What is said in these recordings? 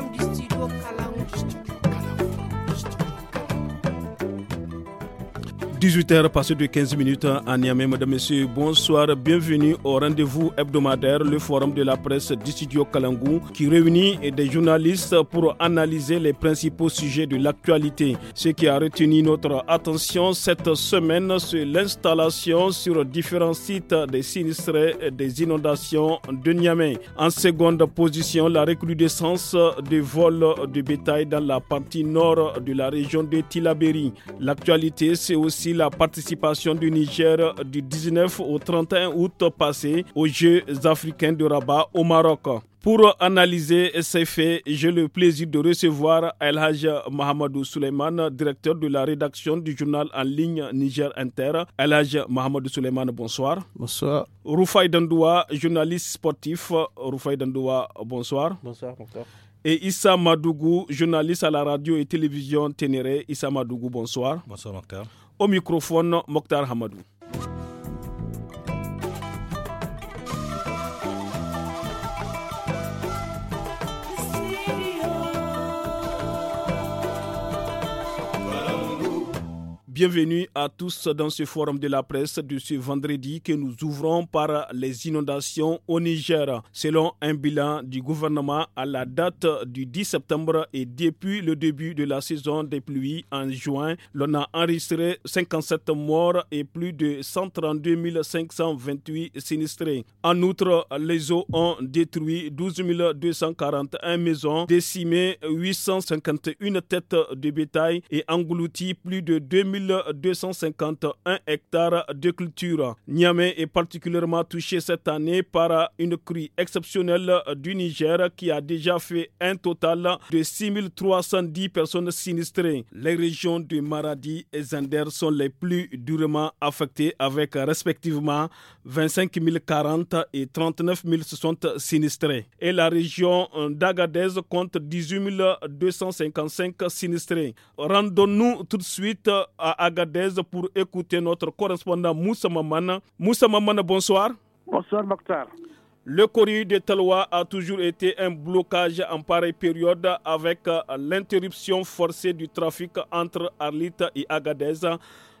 du 18h passé de 15 minutes à Niamey. Mesdames, Messieurs, bonsoir. Bienvenue au rendez-vous hebdomadaire, le forum de la presse du studio Kalangou, qui réunit des journalistes pour analyser les principaux sujets de l'actualité. Ce qui a retenu notre attention cette semaine, c'est l'installation sur différents sites des sinistrés des inondations de Niamey. En seconde position, la recrudescence des vols de bétail dans la partie nord de la région de Tilaberi. L'actualité, c'est aussi la participation du Niger du 19 au 31 août passé aux Jeux africains de Rabat au Maroc. Pour analyser ces faits, j'ai le plaisir de recevoir El Haj Mohamedou Suleiman, directeur de la rédaction du journal en ligne Niger Inter. El Haj Mohamedou Suleiman, bonsoir. Bonsoir. Rufai Dandoua, journaliste sportif. Rufai Dandoua, bonsoir. Bonsoir, bonsoir et Issa Madougou, journaliste à la radio et télévision Ténéré. Issa Madougou, bonsoir. Bonsoir Mokhtar. Au microphone, Mokhtar Hamadou. Bienvenue à tous dans ce forum de la presse de ce vendredi que nous ouvrons par les inondations au Niger. Selon un bilan du gouvernement à la date du 10 septembre et depuis le début de la saison des pluies en juin, l'on a enregistré 57 morts et plus de 132 528 sinistrés. En outre, les eaux ont détruit 12 241 maisons, décimé 851 têtes de bétail et englouti plus de 2000 251 hectares de culture. Niamey est particulièrement touché cette année par une crue exceptionnelle du Niger qui a déjà fait un total de 6310 personnes sinistrées. Les régions de Maradi et Zender sont les plus durement affectées avec respectivement 25 040 et 39 060 sinistrés. Et la région d'Agadez compte 18 255 sinistrés. Rendons-nous tout de suite à Agadez pour écouter notre correspondant Moussa Mamana. Moussa Mamana, bonsoir. Bonsoir, Mokhtar. Le courrier de Talwa a toujours été un blocage en pareille période avec euh, l'interruption forcée du trafic entre Arlit et Agadez.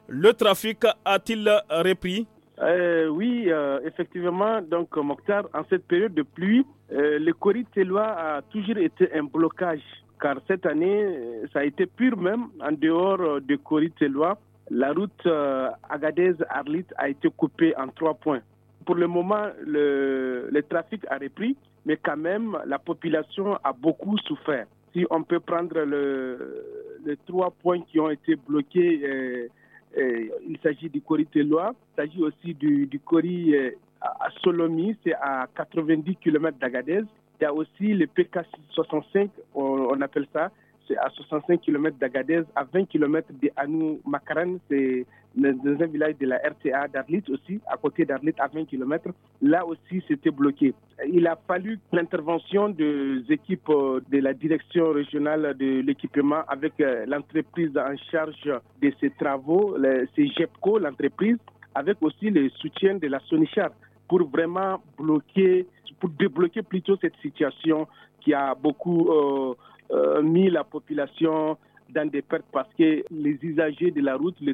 Le trafic a-t-il repris euh, Oui, euh, effectivement. Donc, Mokhtar, en cette période de pluie, le courrier de a toujours été un blocage car cette année, euh, ça a été pur même, en dehors euh, de Coritellois, la route euh, Agadez-Arlit a été coupée en trois points. Pour le moment, le, trafic a repris, mais quand même, la population a beaucoup souffert. Si on peut prendre le, les trois points qui ont été bloqués, il s'agit du corée télois il s'agit aussi du, du à Solomie, c'est à 90 km d'Agadez. Il y a aussi le PK65, on, appelle ça, c'est à 65 km d'Agadez, à 20 km de Anou Makaran, c'est dans un village de la RTA d'Arlit aussi, à côté d'Arlit, à 20 km. Là aussi, c'était bloqué. Il a fallu l'intervention des équipes euh, de la direction régionale de l'équipement avec euh, l'entreprise en charge de ces travaux, c'est GEPCO, l'entreprise, avec aussi le soutien de la Sonichar pour vraiment bloquer, pour débloquer plutôt cette situation qui a beaucoup euh, euh, mis la population dans des pertes parce que les usagers de la route, les,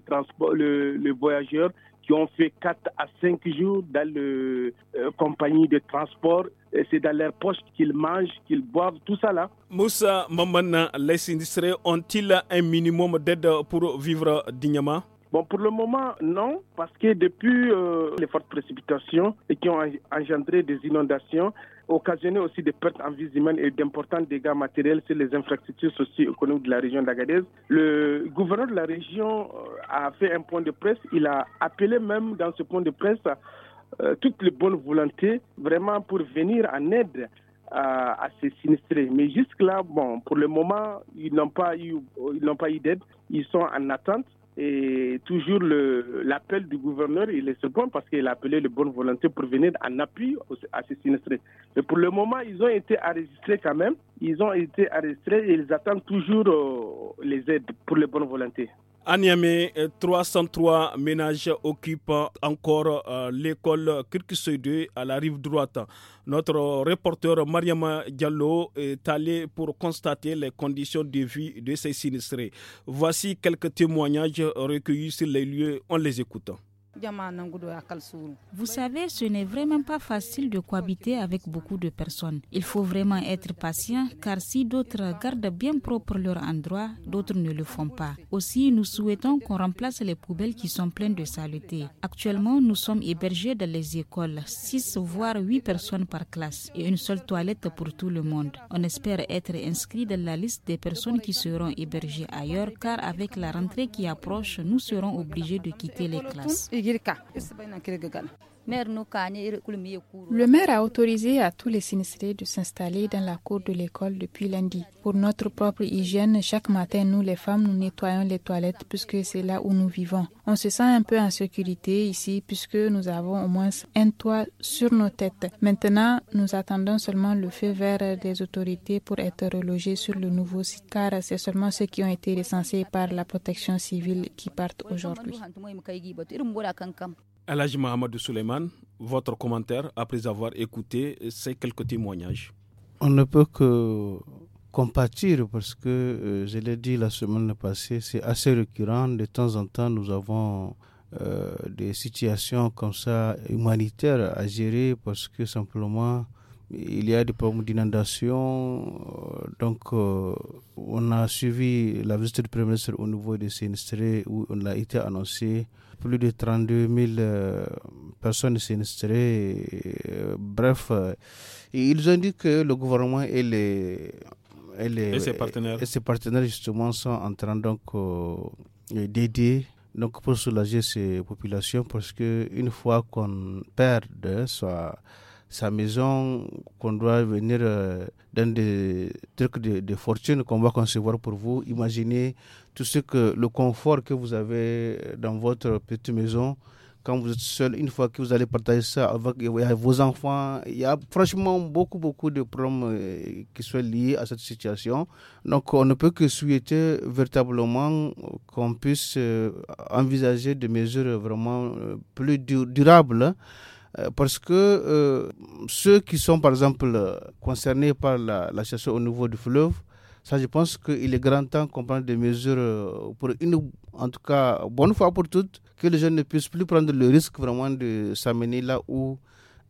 le, voyageurs qui ont fait 4 à 5 jours dans le euh, compagnie de transport, c'est dans leur poche qu'ils mangent, qu'ils boivent, tout ça là. Moussa Mamana, les sinistrés ont-ils un minimum d'aide pour vivre dignement Bon, pour le moment, non, parce que depuis euh, les fortes précipitations et qui ont engendré des inondations, occasionné aussi des pertes en vie humaine et d'importants dégâts matériels sur les infrastructures socio-économiques de la région d'Agadez. Le gouverneur de la région euh, a fait un point de presse. Il a appelé même dans ce point de presse euh, toutes les bonnes volontés vraiment pour venir en aide à, ces sinistrés. Mais jusque-là, bon, pour le moment, ils n'ont pas ils n'ont pas eu d'aide. Ils sont en attente et toujours l'appel du gouverneur, il est ce parce qu'il a appelé les bonnes volontés pour venir en appui à ces sinistrés. Mais pour le moment, ils ont été enregistrés quand même. Ils ont été enregistrés et ils attendent toujours euh, les aides pour les bonnes volontés. À Niamey, 303 euh, ménages occupent encore euh, l'école 2 à la rive droite. Notre reporter Mariama Diallo est allé pour constater les conditions de vie de ces sinistrés. Voici quelques témoignages recueillis sur les lieux en les écoutant. Vous savez, ce n'est vraiment pas facile de cohabiter avec beaucoup de personnes. Il faut vraiment être patient car si d'autres gardent bien propre leur endroit, d'autres ne le font pas. Aussi, nous souhaitons qu'on remplace les poubelles qui sont pleines de saleté. Actuellement, nous sommes hébergés dans les écoles, 6 voire 8 personnes par classe et une seule toilette pour tout le monde. On espère être inscrit dans la liste des personnes qui seront hébergées ailleurs car avec la rentrée qui approche, nous serons obligés de quitter les classes yirka est bai le maire a autorisé à tous les sinistrés de s'installer dans la cour de l'école depuis lundi. Pour notre propre hygiène, chaque matin, nous les femmes, nous nettoyons les toilettes puisque c'est là où nous vivons. On se sent un peu en sécurité ici puisque nous avons au moins un toit sur nos têtes. Maintenant, nous attendons seulement le feu vert des autorités pour être relogés sur le nouveau site car c'est seulement ceux qui ont été recensés par la protection civile qui partent aujourd'hui. Alaj Mohamed Suleiman, votre commentaire après avoir écouté ces quelques témoignages. On ne peut que compatir parce que, euh, je l'ai dit la semaine passée, c'est assez récurrent. De temps en temps, nous avons euh, des situations comme ça humanitaires à gérer parce que simplement il y a des problèmes d'inondation. Euh, donc, euh, on a suivi la visite du Premier ministre au niveau des sinistrés où on a été annoncé. Plus de 32 000 euh, personnes sinistrées. bref, ils ont dit que le gouvernement et les. Et, ses partenaires. ses partenaires, justement, sont en train donc d'aider donc pour soulager ces populations parce que une fois qu'on perd soit sa maison, qu'on doit venir euh, dans des trucs de, fortune qu'on va concevoir pour vous. Imaginez tout ce que le confort que vous avez dans votre petite maison quand vous êtes seul, une fois que vous allez partager ça avec vos enfants, il y a franchement beaucoup, beaucoup de problèmes euh, qui sont liés à cette situation. Donc, on ne peut que souhaiter véritablement qu'on puisse euh, envisager des mesures vraiment plus durables euh, parce que euh, ceux qui sont par exemple euh, concernés par la, chasse au niveau du fleuve, ça je pense qu'il est grand temps qu'on prenne des mesures pour une, en tout cas, bonne fois pour toutes, que les jeunes ne puissent plus prendre le risque vraiment de s'amener là où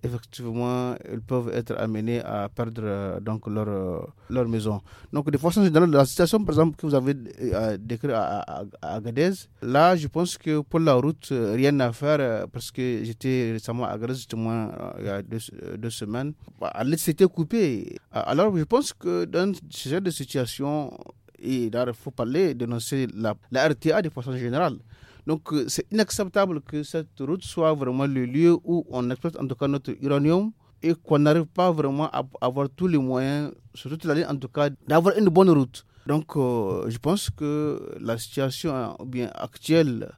effectivement, ils peuvent être amenés à perdre euh, donc leur, euh, leur maison. Donc, de façon générale, la situation, par exemple, que vous avez euh, décrite à, Agadez, là, je pense que pour la route, rien à faire parce que j'étais récemment à Agadez, justement, il y a deux, semaines. Elle bah, s'était coupée. Alors, je pense que dans ce genre de situation, il faut parler, dénoncer la, la RTA de façon générale. Donc euh, c'est inacceptable que cette route soit vraiment le lieu où on exploite en tout cas notre uranium et qu'on n'arrive pas vraiment à avoir tous les moyens, sur toute l'année en tout cas, d'avoir une bonne route. Donc euh, je pense que la situation hein, bien actuelle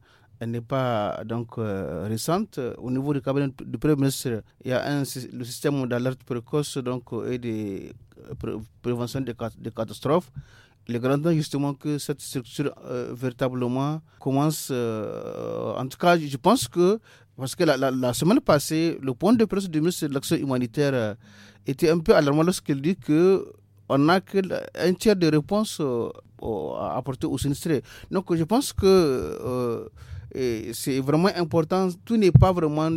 n'est pas donc euh, récente. Au niveau du cabinet du Premier ministre, il y a le système d'alerte précoce donc, et de prévention des catastrophes est grand temps justement que cette structure euh, véritablement commence, euh, en tout cas, je pense que, parce que la, semaine passée, le point de presse du ministre de l'Action humanitaire euh, était un peu alarmant lorsqu'il dit que on n'a qu'un tiers de réponse à apporter aux sinistrés. Donc je pense que c'est vraiment important. Tout n'est pas vraiment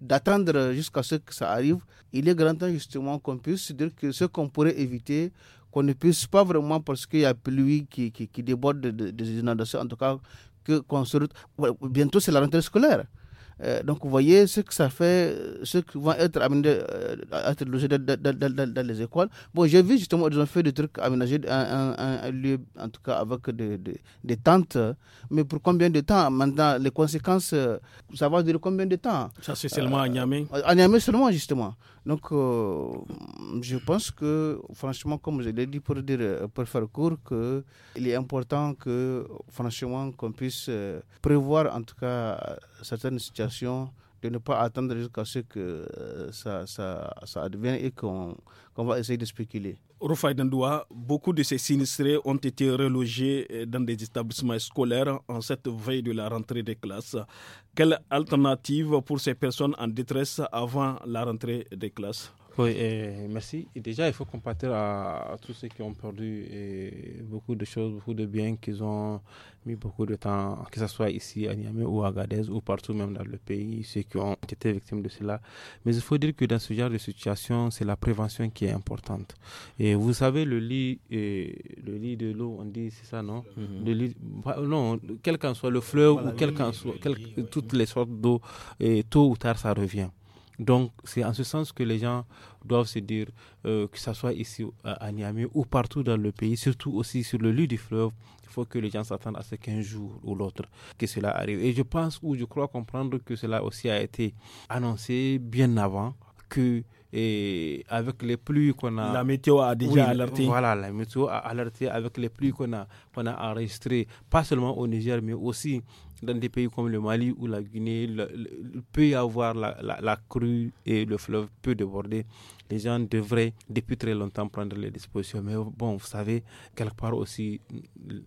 d'attendre jusqu'à ce que ça arrive. Il est grand temps justement qu'on puisse dire que ce qu'on pourrait éviter, qu'on ne puisse pas vraiment, parce qu'il y a pluie qui, qui, qui déborde des de, inondations, en tout cas, qu'on se... Bientôt, c'est la rentrée scolaire. Euh, donc vous voyez ce que ça fait, euh, ce qui va être amené euh, à être logé dans, les écoles. Bon, j'ai vu justement, ils ont fait des trucs aménagé un, lieu en tout cas avec des, tentes, mais pour combien de temps Maintenant, les conséquences, ça va durer combien de temps Ça, c'est seulement à Niamey À Niamey seulement, justement. Donc, je pense que, franchement, comme je l'ai dit pour, dire, pour faire court, que il est important que, franchement, qu'on puisse prévoir, en tout cas, certaines situations, de ne pas attendre jusqu'à ce que euh, ça, ça, ça advienne et qu'on va essayer de spéculer. Rufai Dandoua, beaucoup de ces sinistrés ont été relogés euh, dans des établissements scolaires en cette veille de la rentrée des classes. Quelle alternative pour ces personnes en détresse avant la rentrée des classes oui, merci. Et déjà, il faut compatir à, tous ceux qui ont perdu beaucoup de choses, beaucoup de biens qu'ils ont mis beaucoup de temps, que ce soit ici à Niamey ou à Gadez ou partout même dans le pays, ceux qui ont été victimes de cela. Mais il faut dire que dans ce genre de situation, c'est la prévention qui est importante. Et vous savez, le lit, le lit de l'eau, on dit, c'est ça, non mhm. lit, bah, Non, quel qu'en soit le fleuve ou quel soit, toutes les sortes d'eau, tôt ou tard, ça revient. Donc, c'est en ce sens que les gens doivent se dire, euh, que ce soit ici à, Niamey ou partout dans le pays, surtout aussi sur le lieu du fleuve, il faut que les gens s'attendent à ce qu'un jour ou l'autre que cela arrive. Et je pense ou je crois comprendre que cela aussi a été annoncé bien avant que avec les pluies qu'on a. La météo a déjà alerté. Voilà, la météo a alerté avec les pluies qu'on a, qu'on a enregistrées, pas seulement au Niger, mais aussi dans des pays comme le Mali ou la Guinée, le, peut y avoir la, crue et le fleuve peut déborder. Les gens devraient depuis très longtemps prendre les dispositions. Mais bon, vous savez, quelque part aussi,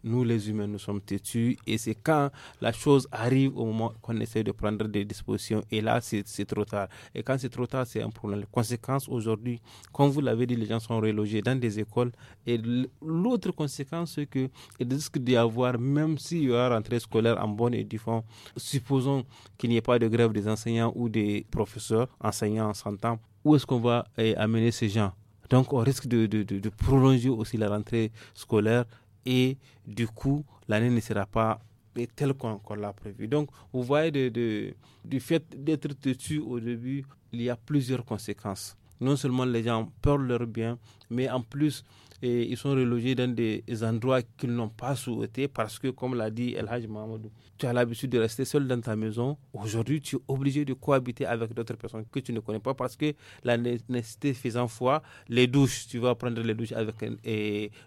nous les humains, nous sommes têtus et c'est quand la chose arrive au moment qu'on essaie de prendre des dispositions et là, c'est trop tard. Et quand c'est trop tard, c'est un problème. Les conséquences aujourd'hui, comme vous l'avez dit, les gens sont relogés dans des écoles et l'autre conséquence, c'est qu'il risque d'y avoir, même s'il y aura rentrée scolaire en bonne du fond, supposons qu'il n'y ait pas de grève des enseignants ou des professeurs, enseignants en 100 ans, où est-ce qu'on va eh, amener ces gens Donc on risque de, prolonger aussi la rentrée scolaire et du coup, l'année ne sera pas eh, telle qu'on l'a prévue. Donc vous voyez, de, du fait d'être têtu au début, il y a plusieurs conséquences. Non seulement les gens perdent leur bien, mais en plus, et ils sont relogés dans des endroits qu'ils n'ont pas souhaité parce que, comme l'a dit El Haj Mahamadou, tu as l'habitude de rester seul dans ta maison. Aujourd'hui, tu es obligé de cohabiter avec d'autres personnes que tu ne connais pas parce que la nécessité faisant foi, les douches, tu vas prendre les douches avec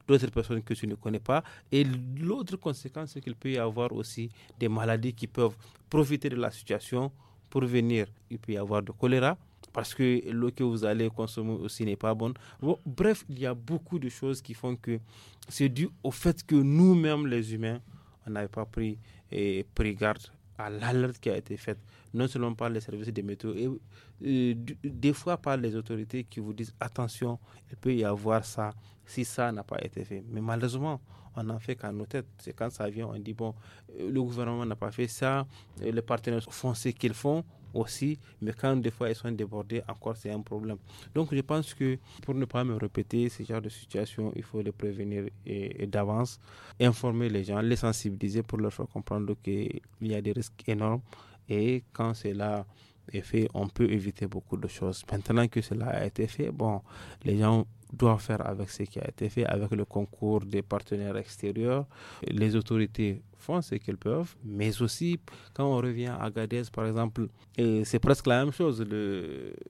d'autres personnes que tu ne connais pas. Et l'autre conséquence, c'est qu'il peut y avoir aussi des maladies qui peuvent profiter de la situation pour venir. Il peut y avoir de choléra, parce que l'eau que vous allez consommer aussi n'est pas bonne. bref, il y a beaucoup de choses qui font que c'est dû au fait que nous-mêmes, les humains, on n'avait pas pris, et, pris garde à l'alerte qui a été faite, non seulement par les services des métaux, et, euh, des fois par les autorités qui vous disent attention, il peut y avoir ça si ça n'a pas été fait. Mais malheureusement, on n'en fait qu'à nos têtes. C'est quand ça vient, on dit bon, euh, le gouvernement n'a pas fait ça, les partenaires font ce qu'ils font, aussi, mais quand des fois ils sont débordés, encore c'est un problème. Donc je pense que pour ne pas me répéter ce genre de situation, il faut les prévenir et, d'avance, informer les gens, les sensibiliser pour leur faire comprendre qu'il y a des risques énormes et quand cela est fait, on peut éviter beaucoup de choses. Maintenant que cela a été fait, bon, les gens doit faire avec ce qui a été fait, avec le concours des partenaires extérieurs. Les autorités font ce qu'elles peuvent, mais aussi quand on revient à Gadez, par exemple, euh, c'est presque la même chose. Le,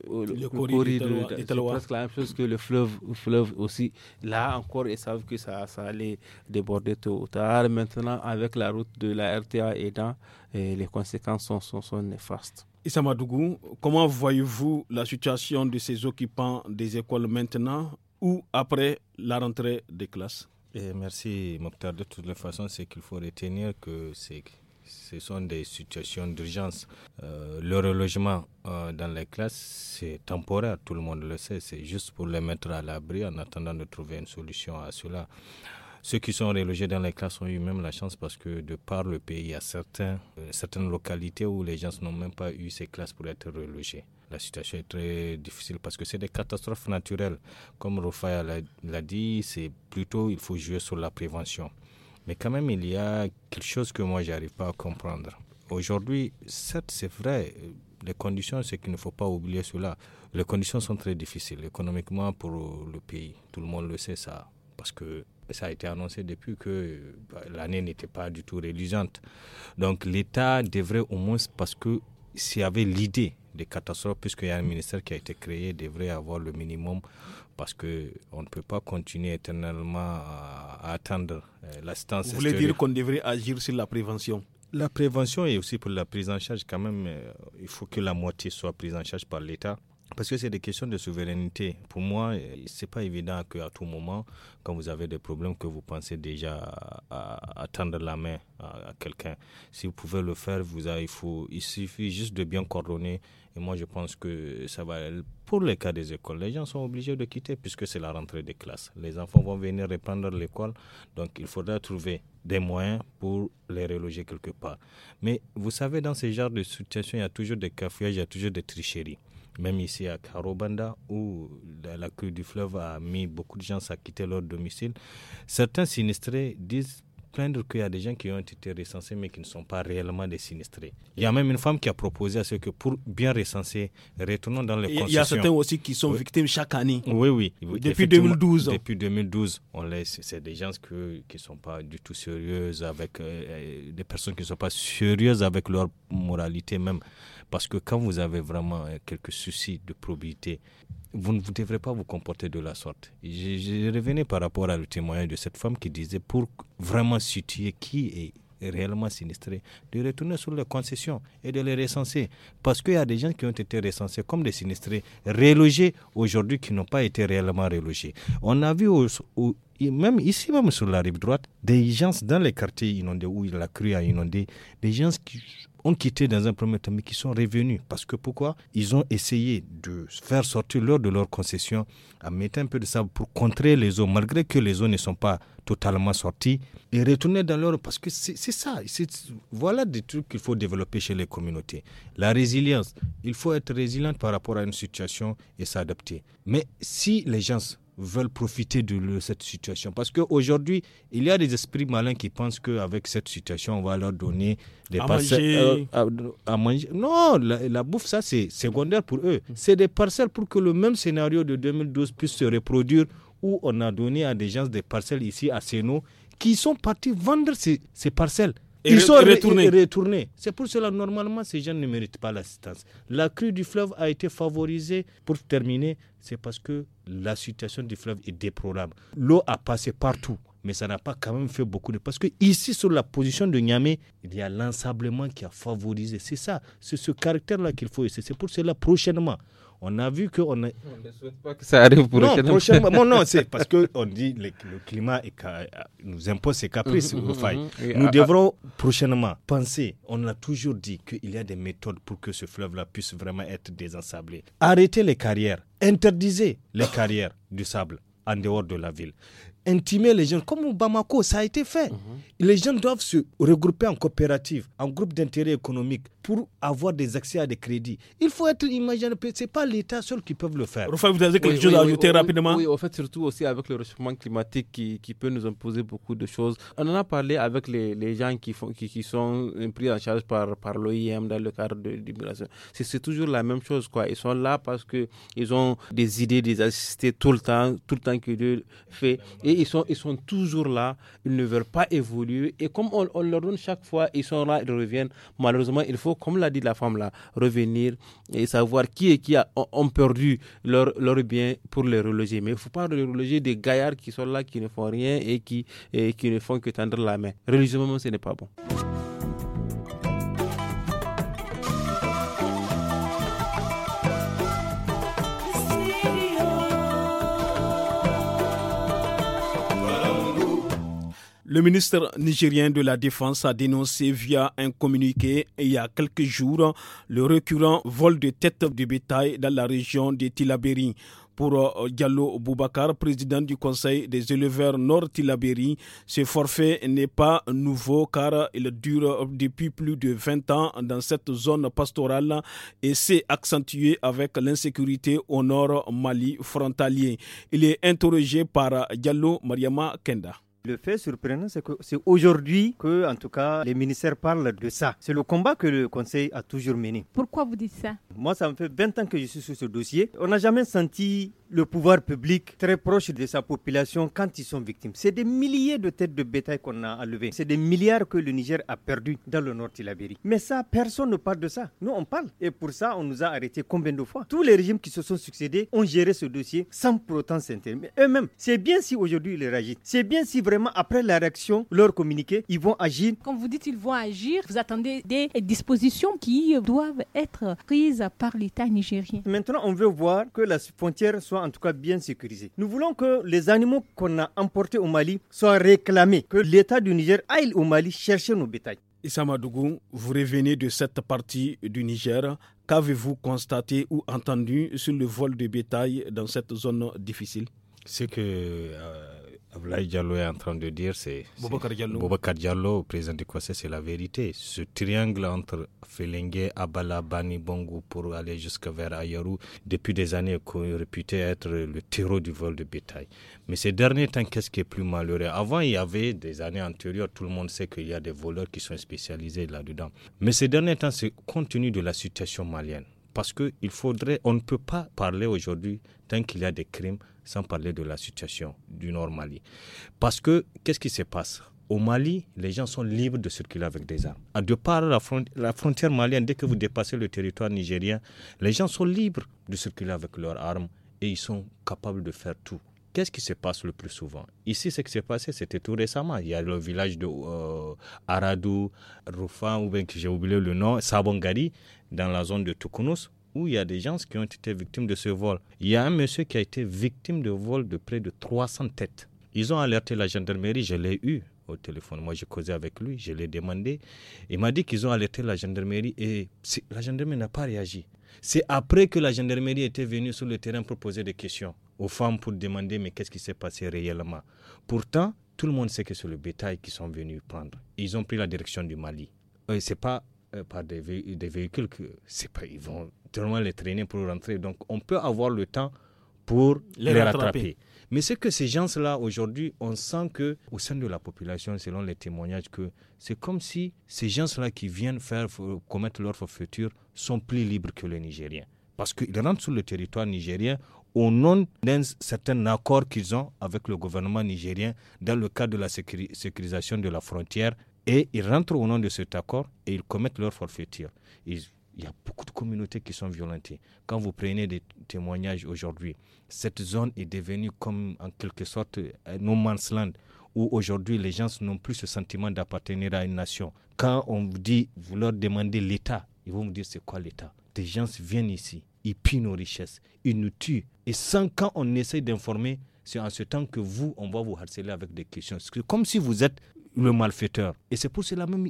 euh, c'est presque la même chose que le fleuve, fleuve aussi. Là encore, ils savent que ça, ça allait déborder tôt ou tard. Maintenant, avec la route de la RTA aidant, et euh, les conséquences sont, sont, sont néfastes. Issa Madougou, comment voyez-vous la situation de ces occupants des écoles maintenant ou après la rentrée des classes et eh, Merci Mokhtar. De toutes les façons, c'est qu'il faut retenir que ce sont des situations d'urgence. Euh, le relogement euh, dans les classes, c'est temporaire, tout le monde le sait. C'est juste pour les mettre à l'abri en attendant de trouver une solution à cela. Ceux qui sont relogés dans les classes ont eu même la chance parce que de par le pays, il y a certains, euh, certaines localités où les gens n'ont même pas eu ces classes pour être relogés. La situation est très difficile parce que c'est des catastrophes naturelles. Comme Rofaya l'a dit, c'est plutôt il faut jouer sur la prévention. Mais quand même, il y a quelque chose que moi, j'arrive pas à comprendre. Aujourd'hui, certes, c'est vrai, euh, les conditions, c'est qu'il ne faut pas oublier cela. Les conditions sont très difficiles économiquement pour euh, le pays. Tout le monde le sait, ça. Parce que ça a été annoncé depuis que bah, l'année n'était pas du tout réduisante. Donc l'État devrait au moins, parce que s'il y avait l'idée des catastrophes, puisqu'il y a un ministère qui a été créé, devrait avoir le minimum, parce que on ne peut pas continuer éternellement à, attendre euh, l'assistance. Vous voulez dire qu'on devrait agir sur la prévention La prévention et aussi pour la prise en charge, quand même, euh, il faut que la moitié soit prise en charge par l'État. Parce que c'est des questions de souveraineté. Pour moi, euh, c'est pas évident qu'à tout moment, quand vous avez des problèmes, que vous pensez déjà à, tendre la main à, quelqu'un. Si vous pouvez le faire, vous il, faut, il suffit juste de bien coordonner et moi, je pense que ça va. Pour les cas des écoles, les gens sont obligés de quitter puisque c'est la rentrée des classes. Les enfants vont venir reprendre l'école, donc il faudra trouver des moyens pour les reloger quelque part. Mais vous savez, dans ce genre de situation, il y a toujours des cafouillages, il y a toujours des tricheries. Même ici à Karobanda, où la crue du fleuve a mis beaucoup de gens à quitter leur domicile, certains sinistrés disent plaindre qu'il y a des gens qui ont été recensés mais qui ne sont pas réellement des sinistrés. Il y a même une femme qui a proposé à ce que pour bien recenser, retournons dans les concessions. Il y a certains aussi qui sont victimes chaque année. Oui, oui. Depuis 2012. Depuis 2012, on laisse, c'est des gens que, qui ne sont pas du tout sérieux avec, euh, euh, des personnes qui ne sont pas sérieuses avec leur moralité même. Parce que quand vous avez vraiment euh, quelques soucis de probité, vous ne vous devrez pas vous comporter de la sorte. Je, je, revenais par rapport à le témoignage de cette femme qui disait pour vraiment situé, qui est réellement sinistré, de retourner sur les concessions et de les recenser. Parce qu'il y a des gens qui ont été recensés comme des sinistrés, rélogés, aujourd'hui qui n'ont pas été réellement relogés. On a vu même ici, même sur la rive droite, des gens dans les quartiers inondés où la crue a inondé, des gens qui ont quitté dans un premier temps, mais qui sont revenus. Parce que pourquoi Ils ont essayé de faire sortir l'eau de leur concession en mettant un peu de sable pour contrer les eaux, malgré que les eaux ne sont pas totalement sorties, et retourner dans leur... Parce que c'est ça, voilà des trucs qu'il faut développer chez les communautés. La résilience, il faut être résilient par rapport à une situation et s'adapter. Mais si les gens veulent profiter de cette situation. Parce qu'aujourd'hui, il y a des esprits malins qui pensent qu'avec cette situation, on va leur donner des parcelles euh, à, manger. Non, la, bouffe, ça, c'est secondaire pour eux. Mm. C'est des parcelles pour que le même scénario de 2012 puisse se reproduire où on a donné à des gens des parcelles ici à Sénaux qui sont partis vendre ces, ces parcelles ils sont retournés. C'est pour cela, normalement, ces gens ne méritent pas l'assistance. La crue du fleuve a été favorisée, pour terminer, c'est parce que la situation du fleuve est déplorable. L'eau a passé partout, mais ça n'a pas quand même fait beaucoup de... Parce que ici, sur la position de Niamey, il y a l'ensablement qui a favorisé. C'est ça, c'est ce caractère-là qu'il faut essayer. C'est pour cela, prochainement, on a vu que On ne souhaite pas que ça arrive pour non, prochainement. non, c'est parce qu'on dit que le, climat nous impose ses caprices. Mm-hmm, mm-hmm, mm-hmm. Nous ah, devrons prochainement penser, on a toujours dit qu'il y a des méthodes pour que ce fleuve-là puisse vraiment être désensablé. Arrêtez les carrières, interdisez les carrières du sable en dehors de la ville intimer les gens. comme au Bamako, ça a été fait. Mhm. Les gens doivent se regrouper en coopérative, en groupe d'intérêt économique, pour avoir des accès à des crédits. Il faut être imaginaire, ce n'est pas l'État seul qui peut le faire. Rufa, vous avez quelque chose à ajouter rapidement Oui, en fait, surtout aussi avec le réchauffement climatique qui, qui, peut nous imposer beaucoup de choses. On en a parlé avec les, les gens qui, font, qui, qui, sont euh, pris en charge par, par l'OIM dans le cadre de l'immigration. C'est toujours la même chose. Quoi. Ils sont là parce qu'ils ont des idées, des assistés tout le temps, tout le temps que Dieu fait. Et ils sont, ils sont toujours là, ils ne veulent pas évoluer. Et comme on, leur donne chaque fois, ils sont là, ils reviennent. Malheureusement, il faut, comme l'a dit la femme là, revenir et savoir qui et qui a, ont perdu leur, leur bien pour les reloger. Mais il ne faut pas reloger des gaillards qui sont là, qui ne font rien et qui, et qui ne font que tendre la main. Religieusement, ce n'est pas bon. Le ministre nigérien de la Défense a dénoncé via un communiqué il y a quelques jours le recurrent vol de têtes de bétail dans la région de Tilaberi. Pour euh, Diallo Boubacar, président du Conseil des éleveurs Nord-Tilaberi, ce forfait n'est pas nouveau car il dure depuis plus de 20 ans dans cette zone pastorale et s'est accentué avec l'insécurité au nord Mali frontalier. Il est interrogé par Diallo Mariama Kenda. Le fait surprenant, c'est que c'est aujourd'hui que, en tout cas, les ministères parlent de ça. C'est le combat que le Conseil a toujours mené. Pourquoi vous dites ça Moi, ça me fait 20 ans que je suis sur ce dossier. On n'a jamais senti le pouvoir public très proche de sa population quand ils sont victimes. C'est des milliers de têtes de bétail qu'on a enlevées. C'est des milliards que le Niger a perdu dans le nord Tilabéry. Mais ça, personne ne parle de ça. Nous, on parle. Et pour ça, on nous a arrêtés combien de fois Tous les régimes qui se sont succédés ont géré ce dossier sans pour autant s'interroger eux-mêmes. C'est bien si aujourd'hui ils réagissent. C'est bien si vraiment, après la réaction, leur communiqué, ils vont agir. Quand vous dites ils vont agir, vous attendez des dispositions qui doivent être prises par l'État nigérien. Maintenant, on veut voir que la frontière soit en tout cas bien sécurisé. Nous voulons que les animaux qu'on a emportés au Mali soient réclamés, que l'État du Niger aille au Mali chercher nos bétails. Issa vous revenez de cette partie du Niger. Qu'avez-vous constaté ou entendu sur le vol de bétail dans cette zone difficile C'est que euh, Ablaï Diallo est en train de dire, c'est président du Conseil, c'est la vérité. Ce triangle entre Felenge, Abala, Bani, Bongo pour aller jusqu'à vers Ayaru, depuis des années, est réputé être le terreau du vol de bétail. Mais ces derniers temps, qu'est-ce qui est plus malheureux Avant, il y avait des années antérieures, tout le monde sait qu'il y a des voleurs qui sont spécialisés là-dedans. Mais ces derniers temps, c'est compte tenu de la situation malienne parce qu'il faudrait, on ne peut pas parler aujourd'hui tant qu'il y a des crimes sans parler de la situation du Nord Mali. Parce que qu'est-ce qui se passe au Mali, les gens sont libres de circuler avec des armes. À de part la frontière malienne, dès que vous dépassez le territoire nigérien, les gens sont libres de circuler avec leurs armes et ils sont capables de faire tout qu'est-ce qui se passe le plus souvent Ici, ce qui s'est passé, c'était tout récemment. Il y a le village de euh, Aradou, Rufan, ou bien que j'ai oublié le nom, Sabongari, dans la zone de Tukunus, où il y a des gens qui ont été victimes de ce vol. Il y a un monsieur qui a été victime de vol de près de 300 têtes. Ils ont alerté la gendarmerie, je l'ai eu au téléphone. Moi, j'ai causé avec lui, je l'ai demandé. Il m'a dit qu'ils ont alerté la gendarmerie et la gendarmerie n'a pas réagi. C'est après que la gendarmerie était venue sur le terrain pour poser des questions aux femmes pour demander mais qu'est-ce qui s'est passé réellement. Pourtant, tout le monde sait que c'est le bétail qu'ils sont venus prendre. Ils ont pris la direction du Mali. Ce euh, c'est pas euh, par des, des, véhicules que c'est pas ils vont tellement les traîner pour rentrer. Donc on peut avoir le temps pour les, rattraper. Mais c'est que ces gens-là aujourd'hui, on sent que au sein de la population, selon les témoignages, que c'est comme si ces gens-là qui viennent faire euh, commettre leur forfaiture sont plus libres que les Nigériens parce qu'ils rentrent sur le territoire nigérien au nom d'un certain accord qu'ils ont avec le gouvernement nigérien dans le cadre de la sécurisation de la frontière. Et ils rentrent au nom de cet accord et ils commettent leur forfaiture. il y a beaucoup de communautés qui sont violentées. Quand vous prenez des témoignages aujourd'hui, cette zone est devenue comme en quelque sorte un no man's land où aujourd'hui les gens n'ont plus ce sentiment d'appartenir à une nation. Quand on vous dit, vous leur demandez l'État, ils vont vous dire c'est quoi l'État. Des gens viennent ici, il pille nos richesses, il nous tue. Et sans quand on essaie d'informer, c'est en ce temps que vous, on va vous harceler avec des questions. C'est comme si vous êtes le malfaiteur. Et c'est pour cela même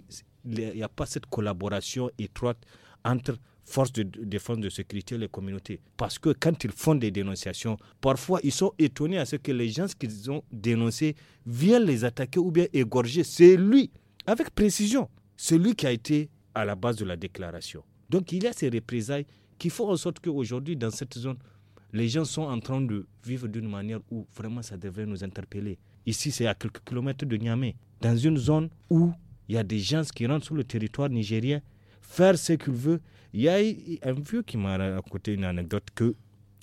il n'y a pas cette collaboration étroite entre forces de défense de sécurité et les communautés. Parce que quand ils font des dénonciations, parfois ils sont étonnés à ce que les gens qu'ils ont dénoncés viennent les attaquer ou bien égorger. C'est lui, avec précision, celui qui a été à la base de la déclaration. Donc il y a ces représailles qui faut en sorte qu'aujourd'hui, dans cette zone, les gens sont en train de vivre d'une manière où vraiment ça devrait nous interpeller. Ici, c'est à quelques kilomètres de Niamey, dans une zone où il y a des gens qui rentrent sur le territoire nigérien, faire ce qu'ils veulent. Il y a un vieux qui m'a raconté une anecdote que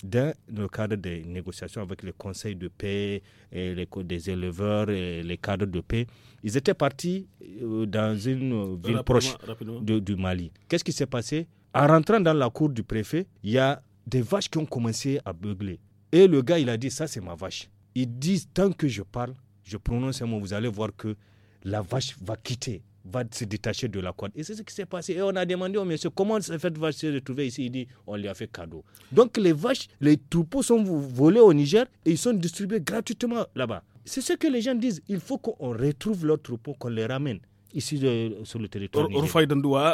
dans le cadre des négociations avec les conseils de paix, et les, des éleveurs et les cadres de paix, ils étaient partis euh, dans une euh, ville proche du Mali. Qu'est-ce qui s'est passé en rentrant dans la cour du préfet, il y a des vaches qui ont commencé à beugler. Et le gars, il a dit, ça c'est ma vache. Ils disent, tant que je parle, je prononce un mot, vous allez voir que la vache va quitter, va se détacher de la corde. Et c'est ce qui s'est passé. Et on a demandé au monsieur, comment cette vache s'est retrouvée ici Il dit, on lui a fait cadeau. Donc les vaches, les troupeaux sont volés au Niger et ils sont distribués gratuitement là-bas. C'est ce que les gens disent. Il faut qu'on retrouve leurs troupeaux, qu'on les ramène ici euh, sur le territoire.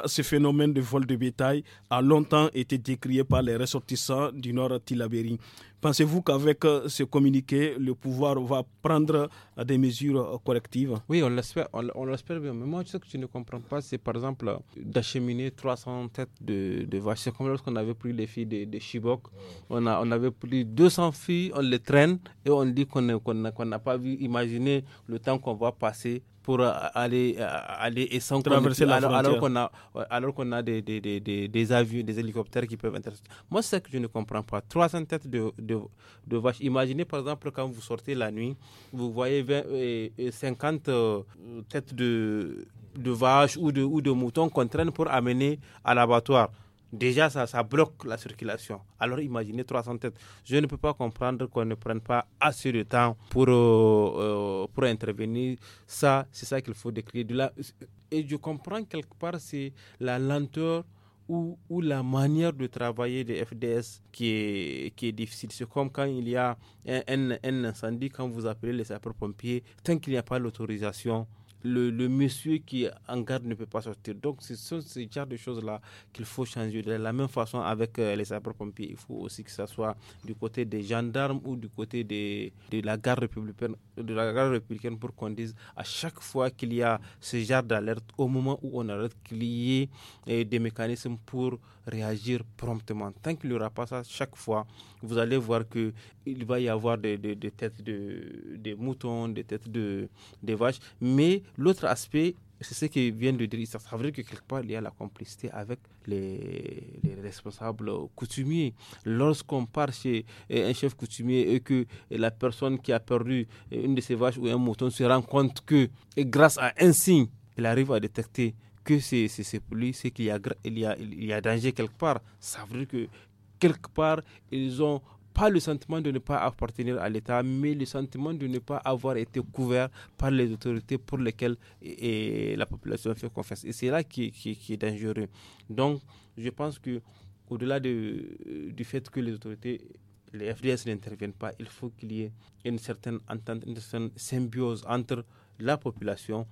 ce phénomène de vol de bétail a longtemps été décrié par les ressortissants du nord Tilabéry. Pensez-vous qu'avec euh, ce communiqué, le pouvoir va prendre euh, des mesures collectives Oui, on l'espère, on, l'espère bien. Mais moi, ce que je ne comprends pas, c'est par exemple d'acheminer 300 têtes de, de vaches. C'est comme lorsqu'on avait pris les filles de, Chibok. On, a, on avait pris 200 filles, on les traîne et on dit qu'on n'a pas vu. Imaginez le temps qu'on va passer pour euh, aller, euh, aller et sans traverser la alors, Alors qu'on a, des, avions, des hélicoptères qui peuvent intercepter. Moi, c'est que je ne comprends pas. 300 têtes de, vaches. Imaginez, par exemple, quand vous sortez la nuit, vous voyez 50 euh, têtes de, de vaches ou de, ou de moutons qu'on traîne pour amener à l'abattoir. Déjà, ça, ça bloque la circulation. Alors imaginez 300 têtes. Je ne peux pas comprendre qu'on ne prenne pas assez de temps pour, euh, euh, pour intervenir. Ça, c'est ça qu'il faut décrire. De Et je comprends quelque part, c'est la lenteur ou, ou, la manière de travailler des FDS qui est, qui est difficile. C'est comme quand il y a un, un, un incendie, quand vous appelez les sapeurs-pompiers, tant qu'il n'y a pas l'autorisation, le, le, monsieur qui est en garde ne peut pas sortir. Donc, ce ces genre de choses-là qu'il faut changer. De la même façon, avec euh, les sapeurs-pompiers, il faut aussi que ça soit du côté des gendarmes ou du côté de, la garde républicaine, de la garde républicaine pour qu'on dise à chaque fois qu'il y a ce genre d'alerte, au moment où on arrête qu'il y ait euh, des mécanismes pour réagir promptement. Tant qu'il n'y aura pas ça, chaque fois, vous allez voir que il va y avoir des, des, têtes de des moutons, des têtes de des vaches. Mais l'autre aspect, c'est ce qui vient de dire Ça veut dire que quelque part, il y a la complicité avec les, les responsables coutumiers. Lorsqu'on part chez un chef coutumier et que la personne qui a perdu une de ses vaches ou un mouton se rend compte que, grâce à un signe, il arrive à détecter que c'est pour lui, c'est qu'il y, a, il y, a, il y a danger quelque part. Ça veut dire que quelque part, ils ont pas le sentiment de ne pas appartenir à l'État, mais le sentiment de ne pas avoir été couvert par les autorités pour lesquelles et, la population fait confiance. Et c'est là qui, qui, est dangereux. Donc, je pense que au-delà de, euh, du fait que les autorités, les FDS n'interviennent pas, il faut qu'il y ait une certaine entente, une certaine symbiose entre la population,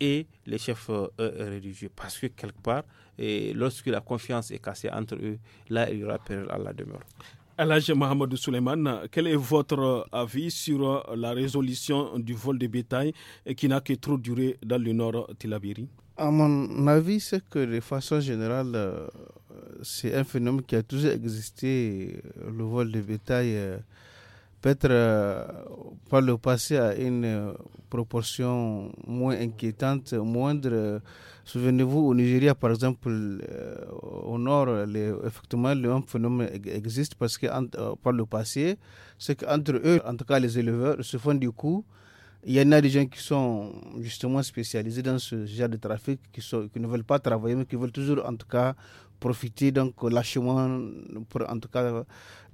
et les chefs euh, euh, religieux. Parce que quelque part, et lorsque la confiance est cassée entre eux, là, il y aura péril à la demeure. Alage Mohamed Souleymane, quel est votre euh, avis sur la résolution du vol de bétail qui n'a que trop duré dans le nord de Tilabiri À mon avis, c'est que de façon générale, c'est un phénomène qui a toujours existé, le vol de bétail peut-être euh, par le passé à une euh, proportion moins inquiétante, moindre. Souvenez-vous, au Nigeria, par exemple, euh, au nord, effectivement, le même phénomène existe parce que par le passé, c'est qu'entre eux, en tout cas les éleveurs, se font du coup. Il y en a des gens qui sont justement spécialisés dans ce genre de trafic, qui, sont, qui ne veulent pas travailler, mais qui veulent toujours, en tout cas, profiter donc lâchement pour en tout cas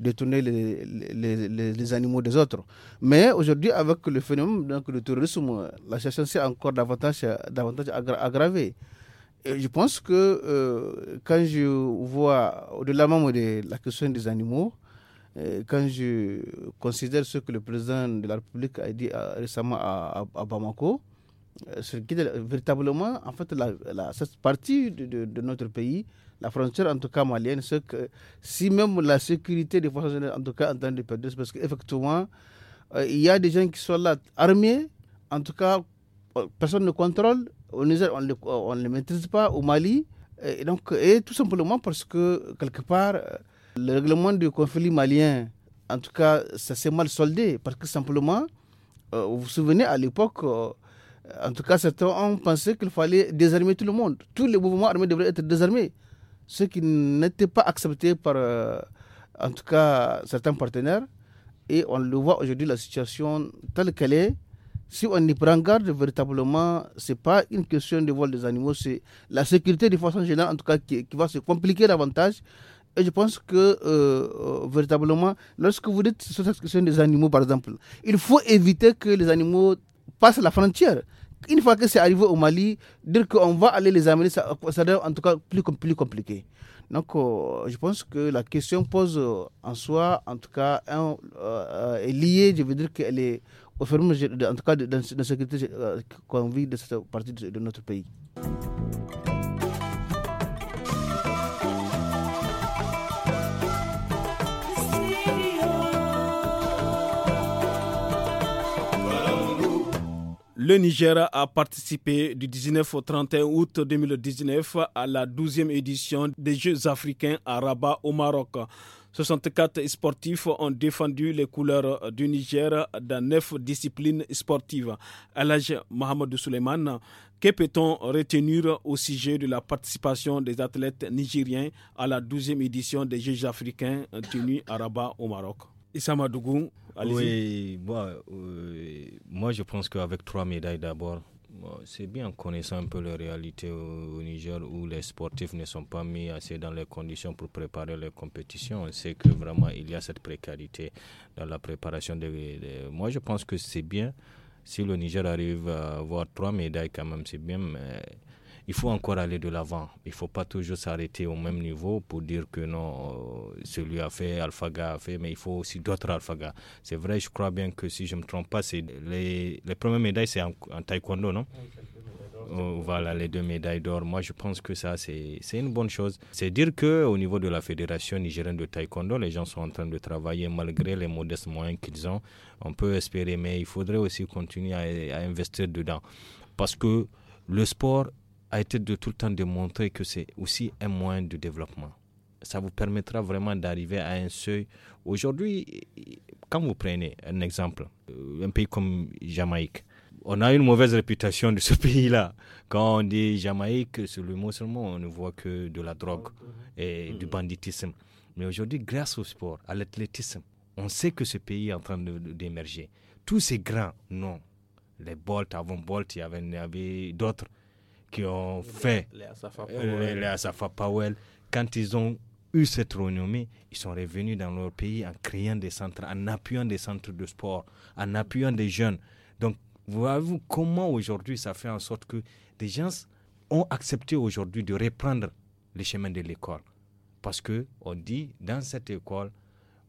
détourner les, les, les, animaux des autres. Mais aujourd'hui, avec le phénomène donc, du terrorisme, la situation s'est encore davantage, davantage aggravée. je pense que euh, quand je vois, au-delà même de la question des animaux, euh, quand je considère ce que le président de la République a dit euh, récemment à, Bamako, ce qui est véritablement, en fait, la, la, cette partie de, de notre pays la frontière, en tout cas malienne, c'est que si même la sécurité des forces en tout cas, en train de perdre, parce qu'effectivement, euh, il y a des gens qui sont là armés, en tout cas, euh, personne ne contrôle, au on euh, ne les maîtrise pas, au Mali, et donc, et tout simplement parce que, quelque part, le règlement du conflit malien, en tout cas, ça s'est mal soldé, parce que simplement, vous vous souvenez, à l'époque, en tout cas, certains ont pensé qu'il fallait désarmer tout le monde. Tous les mouvements armés devraient être désarmés ce qui n'était pas accepté par, euh, en tout cas, certains partenaires. Et on le voit aujourd'hui, la situation telle qu'elle est, si on y prend garde véritablement, ce n'est pas une question de vol des animaux, c'est la sécurité de façon générale, en tout cas, qui, va se compliquer davantage. Et je pense que, euh, euh, véritablement, lorsque vous dites sur cette question des animaux, par exemple, il faut éviter que les animaux passent la frontière une fois que c'est arrivé au Mali, dire qu'on va aller les amener, ça, devient en tout cas plus, compliqué. Donc, euh, je pense que la question pose euh, en soi, en tout cas, un, euh, est liée, je veux dire qu'elle est au mesure en tout cas, dans, dans sécurité qu'on vit de cette partie de notre pays. Le Niger a participé du 19 au 31 août 2019 à la 12e édition des Jeux africains à Rabat au Maroc. 64 sportifs ont défendu les couleurs du Niger dans neuf disciplines sportives. l'âge Mohamed Souleymane, que peut-on retenir au sujet de la participation des athlètes nigériens à la 12e édition des Jeux africains tenus à Rabat au Maroc Issa Oui, bah, moi je pense qu'avec trois médailles d'abord, c'est bien connaissant un peu la réalité au, Niger où les sportifs ne sont pas mis assez dans les conditions pour préparer les compétitions. On sait que vraiment il y a cette précarité dans la préparation. De, moi je pense que c'est bien si le Niger arrive à avoir trois médailles quand même, c'est bien. Mais, il faut encore aller de l'avant. Il ne faut pas toujours s'arrêter au même niveau pour dire que non, euh, celui a fait, AlphaGa a fait, mais il faut aussi d'autres AlphaGa. C'est vrai, je crois bien que si je ne me trompe pas, les, les premières médailles, c'est en, taekwondo, non euh, voilà les deux médailles d'or. Moi, je pense que ça, c'est une bonne chose. C'est dire que au niveau de la fédération nigérienne de taekwondo, les gens sont en train de travailler malgré les modestes moyens qu'ils ont. On peut espérer, mais il faudrait aussi continuer à investir dedans, parce que le sport a été de tout le temps de montrer que c'est aussi un moyen de développement. Ça vous permettra vraiment d'arriver à un seuil. Aujourd'hui, quand vous prenez un exemple, euh, un pays comme Jamaïque, on a une mauvaise réputation de ce pays-là. Quand on dit Jamaïque, sur le mot seulement, on ne voit que de la drogue et mhm. du banditisme. Mais aujourd'hui, grâce au sport, à l'athlétisme, on sait que ce pays est en train d'émerger. Tous ces grands, noms, Les Bolt, avant Bolt, il y avait d'autres qui ont fait les Asafa euh, Powell, quand ils ont eu cette renommée, ils sont revenus dans leur pays en créant des centres, en appuyant des centres de sport, en appuyant des jeunes. Donc, voyez-vous comment aujourd'hui ça fait en sorte que des gens ont accepté aujourd'hui de reprendre les chemins de l'école. Parce que on dit, dans cette école,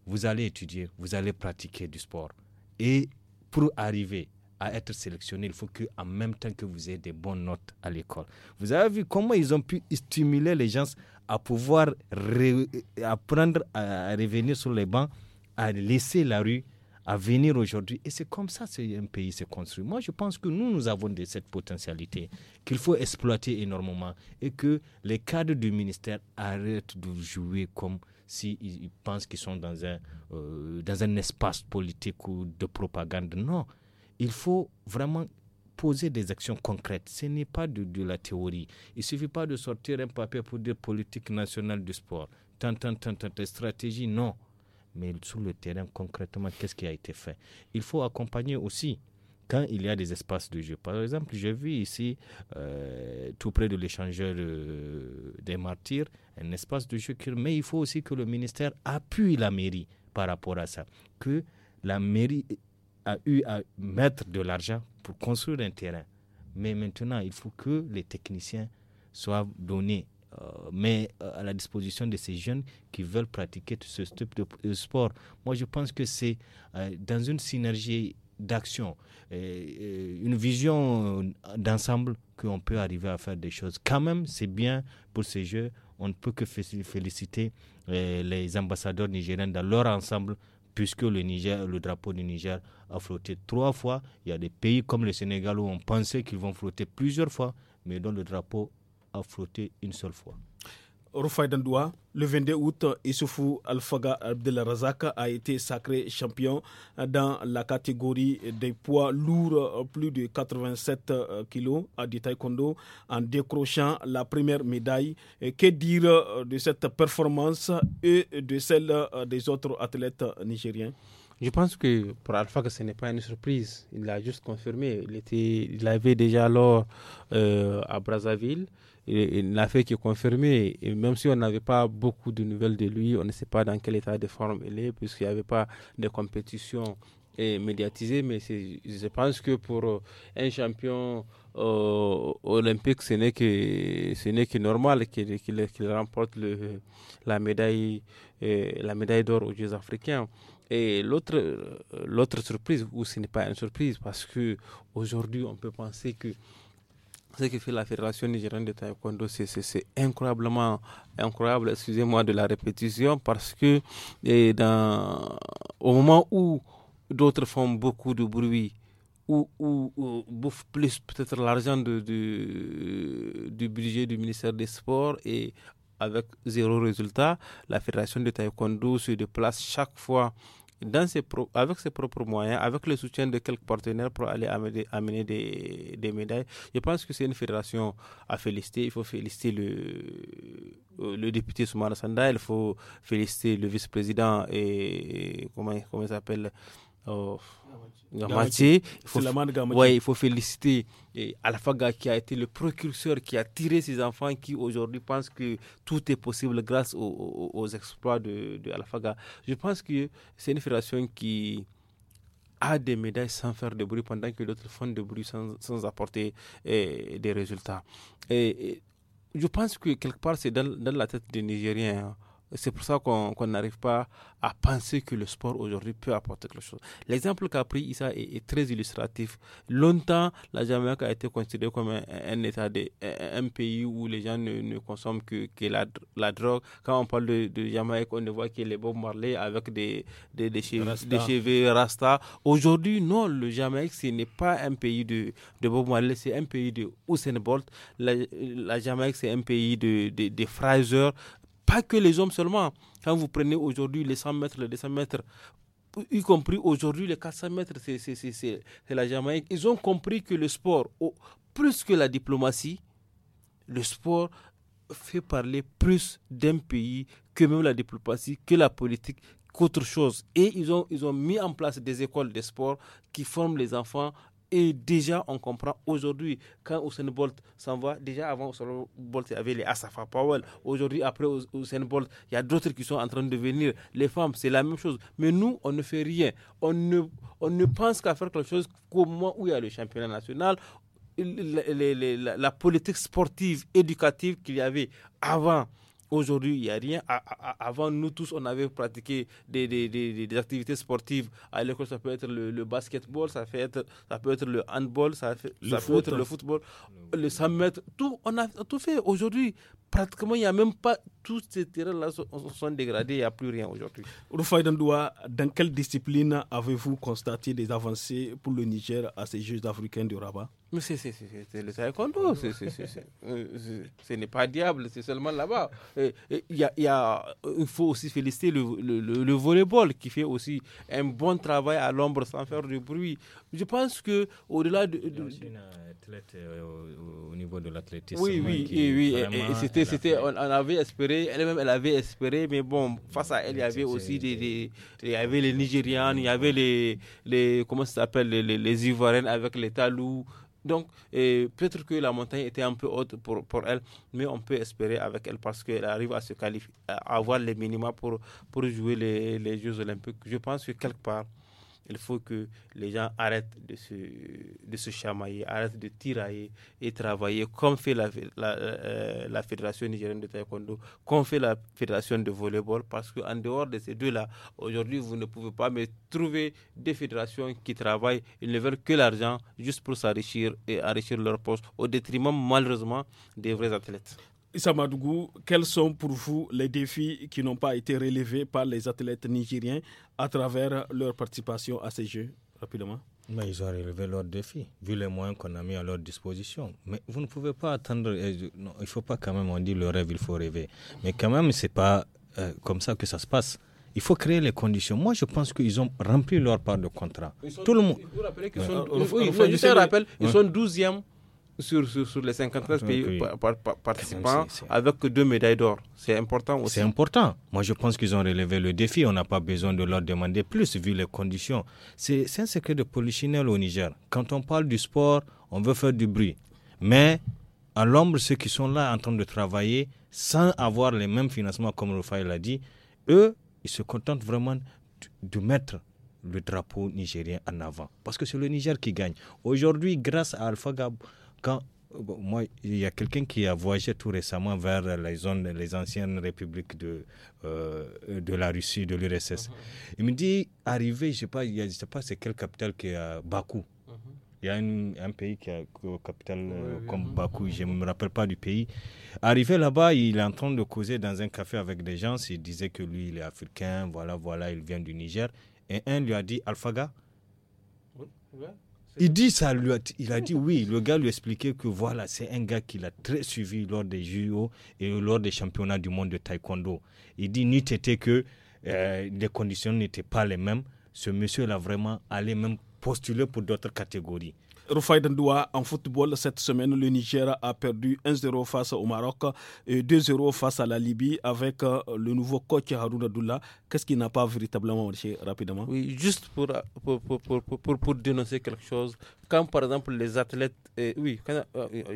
vous allez étudier, vous allez pratiquer du sport. Et pour arriver à être sélectionné, il faut que en même temps que vous ayez des bonnes notes à l'école. Vous avez vu comment ils ont pu stimuler les gens à pouvoir apprendre à revenir sur les bancs, à laisser la rue, à venir aujourd'hui. Et c'est comme ça qu'un pays se construit. Moi, je pense que nous, nous avons de cette potentialité qu'il faut exploiter énormément et que les cadres du ministère arrêtent de jouer comme s'ils pensent qu'ils sont dans un, euh, dans un espace politique ou de propagande. Non, il faut vraiment poser des actions concrètes. Ce n'est pas de, la théorie. Il ne suffit pas de sortir un papier pour dire politique nationale du sport. Tant, tant, tant, tant, stratégie, non. Mais sur le terrain, concrètement, qu'est-ce qui a été fait Il faut accompagner aussi quand il y a des espaces de jeu. Par exemple, j'ai vu ici, euh, tout près de l'échangeur euh, des martyrs, un espace de jeu. Mais il faut aussi que le ministère appuie la mairie par rapport à ça. Que la mairie a eu à mettre de l'argent pour construire un terrain. Mais maintenant, il faut que les techniciens soient donnés, euh, mais euh, à la disposition de ces jeunes qui veulent pratiquer ce type de, sport. Moi, je pense que c'est euh, dans une synergie d'action, une vision d'ensemble qu'on peut arriver à faire des choses. Quand même, c'est bien pour ces jeux. On ne peut que féliciter les ambassadeurs nigériens dans leur ensemble puisque le, Niger, le drapeau du Niger a flotté trois fois. Il y a des pays comme le Sénégal où on pensait qu'ils vont flotter plusieurs fois, mais dont le drapeau a flotté une seule fois. Rufai Dandoua, le 22 août, Issoufou Alfaga Abdelrazak a été sacré champion dans la catégorie des poids lourds, plus de 87 euh, kg du taekwondo, en décrochant la première médaille. Euh, que dire euh, de cette performance et de celle des autres athlètes nigériens je pense que pour Alfaga, ce n'est pas une surprise. Il l'a juste confirmé. Il, était, il avait déjà alors à Brazzaville il n'a fait que confirmer. Et même si on n'avait pas beaucoup de nouvelles de lui, on ne sait pas dans quel état de forme il est, puisqu'il n'y avait pas de compétition et médiatisée. Mais je pense que pour euh, un champion euh, olympique, ce n'est que, ce n'est que normal qu'il, remporte le, la médaille, euh, la médaille d'or aux Jeux africains. Et l'autre, l'autre surprise, ou ce n'est pas une surprise, parce que aujourd'hui on peut penser que ce que fait la Fédération nigérienne de taekwondo, c'est incroyablement incroyable, excusez-moi de la répétition, parce que dans, au moment où d'autres font beaucoup de bruit, ou, bouffent plus peut-être l'argent du budget du ministère des Sports et avec zéro résultat, la Fédération de taekwondo se déplace chaque fois dans ses pro avec ses propres moyens, avec le soutien de quelques partenaires pour aller amener, des, médailles. Je pense que c'est une fédération à féliciter. Il faut féliciter le, euh, le député Soumana Sanda, il faut féliciter le vice-président et, comment, comment il s'appelle Oh, ouais, il faut féliciter al eh, Alpha qui a été le précurseur qui a tiré ces enfants qui aujourd'hui pensent que tout est possible grâce aux, exploits de, de Je pense que c'est une fédération qui a des médailles sans faire de bruit pendant que d'autres font de bruit sans, sans apporter eh, des résultats. Et, je pense que quelque part c'est dans, la tête des Nigériens. Hein. C'est pour ça qu'on n'arrive pas à penser que le sport aujourd'hui peut apporter quelque chose. L'exemple qu'a pris Issa est, très illustratif. Longtemps, la Jamaïque a été considérée comme un, état de, un, pays où les gens ne, consomment que, que la, la, drogue. Quand on parle de, Jamaïque, on ne voit que les Bob Marley avec des, des, des, rasta. Des rasta. Aujourd'hui, non, le Jamaïque, ce n'est pas un pays de, de Bob Marley, c'est un pays de Usain Bolt. La, Jamaïque, c'est un pays de, de, de Fraser. Pas que les hommes seulement. Quand vous prenez aujourd'hui les 100 mètres, les 200 mètres, y compris aujourd'hui les 400 mètres, c'est la Jamaïque. Ils ont compris que le sport, plus que la diplomatie, le sport fait parler plus d'un pays que même la diplomatie, que la politique, qu'autre chose. Et ils ont, ils ont mis en place des écoles de sport qui forment les enfants et déjà, on comprend aujourd'hui, quand Usain Bolt s'en va, déjà avant Usain Bolt, il y avait les Asafa Powell. Aujourd'hui, après Usain Bolt, il y a d'autres qui sont en train de venir. Les femmes, c'est la même chose. Mais nous, on ne fait rien. On ne, on ne pense qu'à faire quelque chose qu'au moment où il y a le championnat national, la politique sportive, éducative qu'il y avait avant. Aujourd'hui, il n'y a rien. Avant, nous tous, on avait pratiqué des, activités sportives à l'école. Ça peut être le, basketball, ça, fait être, ça peut être le handball, ça, peut être hein. le football, le 100 Tout, on a tout fait. Aujourd'hui, pratiquement, il n'y a même pas. Tous ces terrains-là sont, dégradés, il n'y a plus rien aujourd'hui. Rufai Dandoua, dans quelle discipline avez-vous constaté des avancées pour le Niger à ces Jeux africains de Rabat mais c'est le taekwondo, euh, ce n'est pas diable, c'est seulement là-bas. Il y a, faut aussi féliciter le, le, le, volleyball qui fait aussi un bon travail à l'ombre sans faire de bruit. Je pense que au-delà de, athlète euh, au, niveau de l'athlétisme. Oui, oui, oui, c'était, on, avait espéré, elle-même, elle avait espéré, mais bon, face à elle, il y avait aussi des, il y avait les Nigérians, il y avait les, les comment s'appelle, les, les avec les Talous. Donc, peut-être que la montagne était un peu haute pour, pour, elle, mais on peut espérer avec elle parce qu'elle arrive à se qualifier, à avoir les minima pour, jouer les Jeux Olympiques. Je pense que quelque part, il faut que les gens arrêtent de se, de se chamailler, arrêtent de tirailler et travailler comme fait la, euh, Fédération nigérienne de taekwondo, comme fait la Fédération de volleyball, parce qu'en dehors de ces deux-là, aujourd'hui, vous ne pouvez pas me trouver des fédérations qui travaillent, ils ne veulent que l'argent juste pour s'enrichir et enrichir leur poste, au détriment malheureusement des vrais athlètes. Isamadougou, quels sont pour vous les défis qui n'ont pas été relevés par les athlètes nigériens à travers leur participation à ces Jeux Rapidement. Mais ils ont relevé leurs défis, vu les moyens qu'on a mis à leur disposition. Mais vous ne pouvez pas attendre. Non, il ne faut pas quand même, on dit le rêve, il faut rêver. Mais quand même, ce n'est pas euh, comme ça que ça se passe. Il faut créer les conditions. Moi, je pense qu'ils ont rempli leur part de contrat. Tout le monde. Vous rappelez qu'ils sont. Ah, oui, euh, je ils sont 12e sur, les 53 ah, pays participants ah, avec deux médailles d'or. C'est important aussi. C'est important. Moi, je pense qu'ils ont relevé le défi. On n'a pas besoin de leur demander plus vu les conditions. C'est un secret de polichinelle au Niger. Quand on parle du sport, on veut faire du bruit. Mais à l'ombre, ceux qui sont là en train de travailler sans avoir les mêmes financements, comme Rufai l'a dit, eux, ils se contentent vraiment de mettre le drapeau nigérien en avant. Parce que c'est le Niger qui gagne. Aujourd'hui, grâce à Alpha Gab moi, il y a quelqu'un qui a voyagé tout récemment vers les zones, les anciennes républiques de, euh, de la Russie, de l'URSS. Mhm. Il me dit, arrivé, je ne sais pas, pas c'est quelle capitale qui est Bakou. Mhm. Il y a un pays qui a une capitale euh, comme mhm. Bakou, je ne me rappelle pas du pays. Arrivé là-bas, il est en train de causer dans un café avec des gens. Il disait que lui, il est africain, voilà, voilà, il vient du Niger. Et un lui a dit, Alphaga, oui, il dit ça, lui a, il a dit oui. Le gars lui expliquait que voilà, c'est un gars qu'il a très suivi lors des JO et lors des championnats du monde de taekwondo. Il dit ni était que euh, les conditions n'étaient pas les mêmes. Ce monsieur-là vraiment allé même postuler pour d'autres catégories. Rufai Dandoua, en football, cette semaine, le Niger a perdu 1-0 face au Maroc et 2-0 face à la Libye avec euh, le nouveau coach Haroun Abdullah. Qu'est-ce qui n'a pas véritablement marché rapidement Oui, juste pour, dénoncer quelque chose. Quand, par exemple, les athlètes, oui, euh,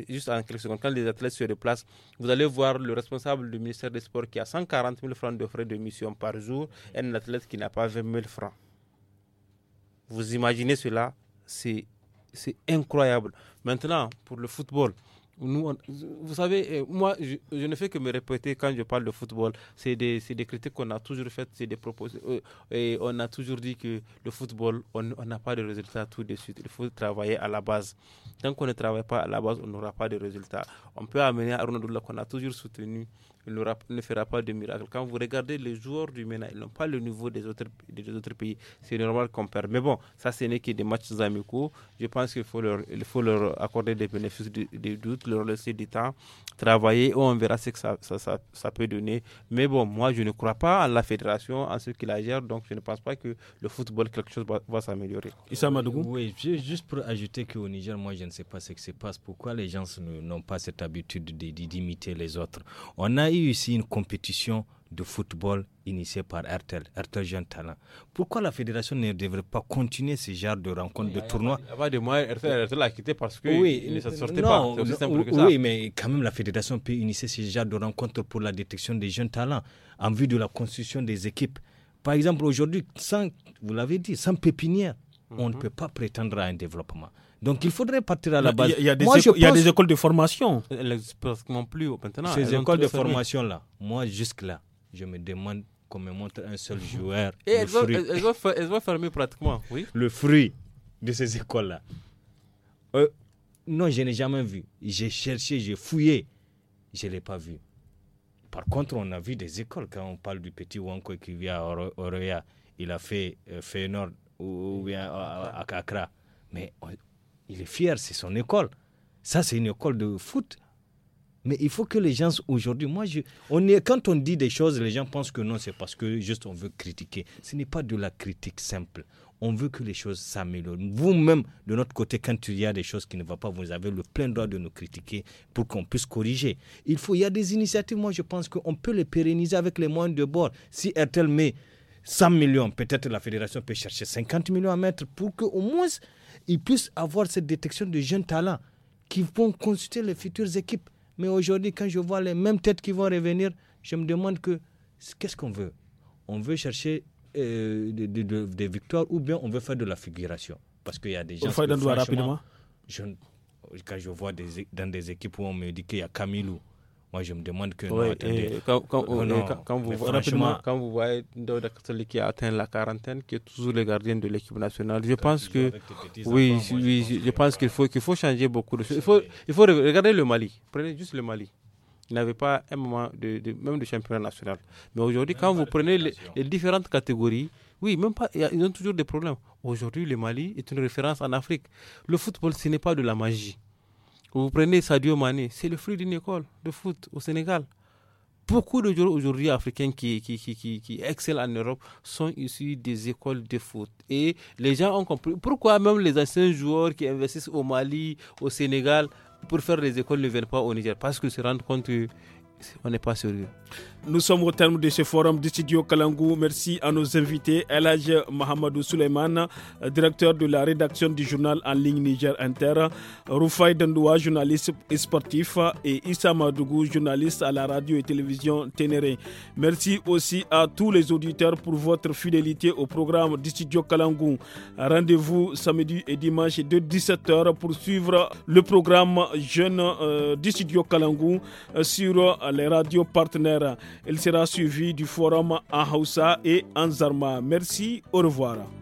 juste en quelques secondes, quand les athlètes se déplacent, vous allez voir le responsable du ministère des Sports qui a 140 000 francs de frais de mission par jour et un athlète qui n'a pas 20 000 francs. Vous imaginez cela, c'est c'est incroyable. Maintenant, pour le football, nous, vous savez, euh, moi, je, ne fais que me répéter quand je parle de football. C'est des, des, critiques qu'on a toujours faites, c'est des propositions. Euh, et on a toujours dit que le football, on n'a pas de résultats tout de suite. Il faut travailler à la base. Tant qu'on ne travaille pas à la base, on n'aura pas de résultats. On peut amener Arnaud qu'on a toujours soutenu ne, fera pas de miracle. Quand vous regardez les joueurs du MENA, ils n'ont pas le niveau des autres, des autres pays. C'est normal qu'on perd. Mais bon, ça, ce n'est que des matchs amicaux. Je pense qu'il faut leur, il faut leur accorder des bénéfices des de doutes, leur laisser du temps, travailler, et on verra ce que ça, ça, peut donner. Mais bon, moi, je ne crois pas à la fédération, en ceux qui la gèrent, Donc, je ne pense pas que le football, quelque chose va, va s'améliorer. Issa Madougou Oui, juste pour ajouter qu'au Niger, moi, je ne sais pas ce qui se passe. Pourquoi les gens n'ont pas cette habitude d'imiter les autres On a a eu ici une compétition de football initiée par RTL, RTL Jeune Talent. Pourquoi la fédération ne devrait pas continuer ce genre de rencontres, de tournois pas de moyens. RTL, a quitté parce que il ne se sortait pas. simple que ça. Oui, mais quand même, la fédération peut initier ce genre de rencontres pour la détection des jeunes talents en vue de la construction des équipes. Par exemple, aujourd'hui, sans, vous l'avez dit, sans pépinière, on ne mhm. peut pas prétendre à un développement. Donc il faudrait partir à la base. Il y, a, des, pense... écoles de formation. Pratiquement plus maintenant. Ces écoles de formation-là, moi jusque-là, je me demande qu'on me montre un seul mhm. joueur. Et elles vont, elles, fermer pratiquement, oui. Le fruit de ces écoles-là. Euh, non, je n'ai jamais vu. J'ai cherché, j'ai fouillé. Je ne l'ai pas vu. Par contre, on a vu des écoles. Quand on parle du petit Wanko qui vient à Oroya, il a fait, euh, fait ou, bien à, à, Mais il est fier, c'est son école. Ça, c'est une école de foot. Mais il faut que les gens aujourd'hui, moi, je, on quand on dit des choses, les gens pensent que non, c'est parce que juste on veut critiquer. Ce n'est pas de la critique simple. On veut que les choses s'améliorent. Vous-même, de notre côté, quand il y a des choses qui ne vont pas, vous avez le plein droit de nous critiquer pour qu'on puisse corriger. Il faut, il y a des initiatives, moi, je pense qu'on peut les pérenniser avec les moyens de bord. Si RTL met 100 millions, peut-être la fédération peut chercher 50 millions à mettre pour qu'au moins ils puissent avoir cette détection de jeunes talents qui vont consulter les futures équipes. Mais aujourd'hui, quand je vois les mêmes têtes qui vont revenir, je me demande que qu'est-ce qu'on veut On veut chercher euh, des victoires ou bien on veut faire de la figuration Parce qu'il y a des gens... Qui, rapidement Quand je vois dans des équipes où on me dit qu'il y a Camilo, moi je me demande que franchement quand, vous voyez Ndoda qui a atteint la quarantaine, qui est toujours le gardien de l'équipe nationale, je pense que oui, oui, je, pense qu'il faut qu'il faut changer beaucoup de choses. Il faut il faut regarder le Mali. Prenez juste le Mali. Il n'avait pas un moment de, même de championnat national. Mais aujourd'hui, quand vous prenez les, différentes catégories, oui, même pas, ils ont toujours des problèmes. Aujourd'hui, le Mali est une référence en Afrique. Le football, ce n'est pas de la magie. Vous prenez Sadio Mané, c'est le fruit d'une école de foot au Sénégal. Beaucoup de joueurs aujourd'hui africains qui, qui, qui, qui, qui excellent en Europe sont issus des écoles de foot. Et les gens ont compris pourquoi même les anciens joueurs qui investissent au Mali, au Sénégal, pour faire les écoles ne viennent pas au Niger. Parce qu'ils se rendent compte qu'on n'est pas sérieux. Nous sommes au terme de ce forum du studio Kalangou. Merci à nos invités, Elhaj Mohamedou Suleiman, directeur de la rédaction du journal en ligne Niger Inter, Rufai Dandoua, journaliste sportif, et Issa Madougou, journaliste à la radio et télévision Ténéré. Merci aussi à tous les auditeurs pour votre fidélité au programme du studio Kalangou. Rendez-vous samedi et dimanche de 17h pour suivre le programme jeune euh, du studio Kalangou euh, sur les radios partenaires. Elle sera suivie du forum en Hausa et Anzarma. Merci, au revoir.